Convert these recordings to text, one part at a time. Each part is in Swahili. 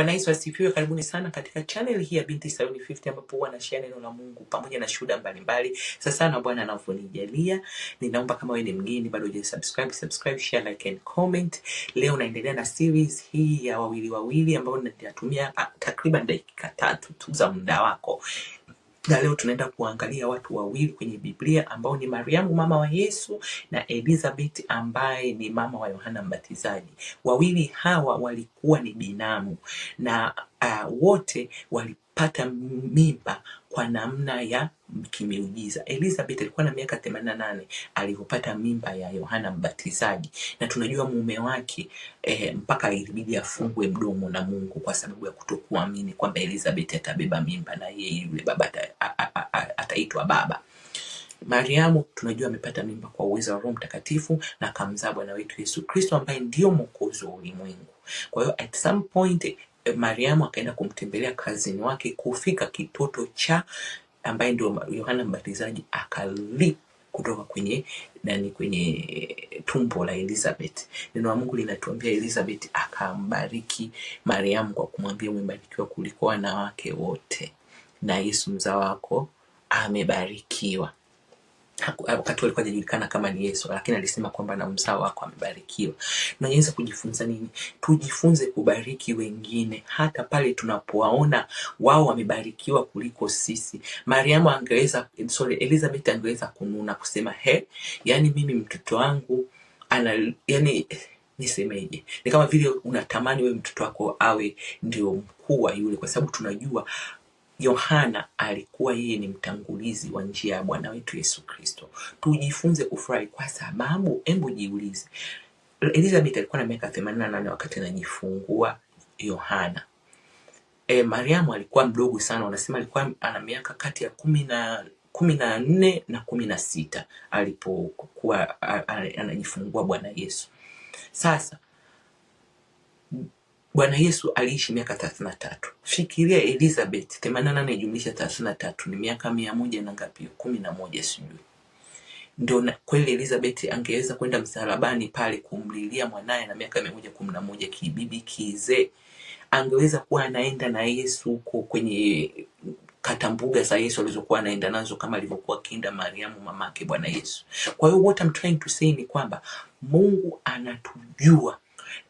Bwana Yesu asifiwe. Karibuni sana katika channel hii ya Binti Sayuni 50 ambapo huwa nashia neno la Mungu pamoja na shuhuda mbalimbali. Sasa sana Bwana anavyonijalia, ninaomba kama wewe ni mgeni bado hujasubscribe, subscribe, share, like and comment. Leo naendelea na series hii ya wawili wawili ambayo ninatumia ah, takriban dakika tatu tu za muda wako na leo tunaenda kuangalia watu wawili kwenye Biblia ambao ni Mariamu mama wa Yesu na Elizabeth ambaye ni mama wa Yohana Mbatizaji. Wawili hawa walikuwa ni binamu, na uh, wote walipata mimba kwa namna ya kimiujiza. Elizabeth alikuwa na miaka themanini na nane alipopata mimba ya Yohana Mbatizaji, na tunajua mume wake eh, mpaka ilibidi afungwe mdomo na Mungu kwa sababu ya kutokuamini kwamba Elizabeth atabeba mimba na yeye yule baba ataitwa baba. Mariamu tunajua amepata mimba kwa uwezo wa Roho Mtakatifu na akamzaa Bwana wetu Yesu Kristo ambaye ndiyo mwokozi wa ulimwengu. Kwa hiyo at some point Mariamu akaenda kumtembelea kazini wake, kufika kitoto cha ambaye ndio Yohana Mbatizaji akali kutoka kwenye nani, kwenye tumbo la Elizabeth. Neno la Mungu linatuambia Elizabeth akambariki Mariamu kwa kumwambia umebarikiwa kuliko wanawake wote, na Yesu mzao wako amebarikiwa wakati alikuwa hajajulikana kama ni Yesu, lakini alisema kwamba na mzao wako amebarikiwa. naweza kujifunza nini? Tujifunze kubariki wengine, hata pale tunapowaona wao wamebarikiwa kuliko sisi. Mariamu angeweza sorry, Elizabeth angeweza kununa kusema he, yani mimi mtoto wangu ana yani nisemeje? Ni kama vile unatamani wewe mtoto wako awe ndio mkuu wa yule, kwa sababu tunajua Yohana alikuwa yeye ni mtangulizi wa njia ya Bwana wetu Yesu Kristo. Tujifunze kufurahi kwa sababu, hebu jiulize, Elizabeth alikuwa na miaka themanini na nane wakati anajifungua Yohana. E, Mariamu alikuwa mdogo sana, wanasema alikuwa ana miaka kati ya kumi na kumi na nne na kumi na sita alipokuwa anajifungua Bwana Yesu. Sasa Bwana Yesu aliishi miaka thelathini na tatu. Fikiria Elizabeth themanini na nane jumlisha thelathini na tatu ni miaka mia moja na ngapi? kumi na moja sijui. Ndio kweli Elizabeth angeweza kwenda msalabani pale kumlilia mwanaye na miaka mia moja kumi na moja kibibi kizee, angeweza kuwa anaenda na Yesu huko kwenye katambuga za Yesu alizokuwa anaenda nazo kama alivyokuwa kinda Mariamu mamake Bwana Yesu. Kwa hiyo what I'm trying to say ni kwamba Mungu anatujua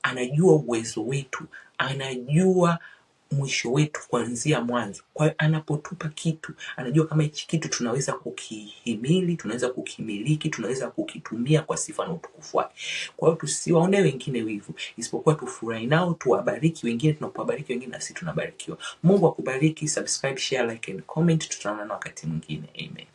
anajua uwezo wetu, anajua mwisho wetu kuanzia mwanzo. Kwa hiyo anapotupa kitu, anajua kama hichi kitu tunaweza kukihimili, tunaweza kukimiliki, tunaweza kukitumia kwa sifa na utukufu wake. Kwa hiyo tusiwaone wengine wivu, isipokuwa tufurahi nao, tuwabariki wengine. Tunapowabariki wengine, nasi tunabarikiwa. Mungu akubariki. Subscribe, share, like and comment. Tutaonana wakati mwingine. Amen.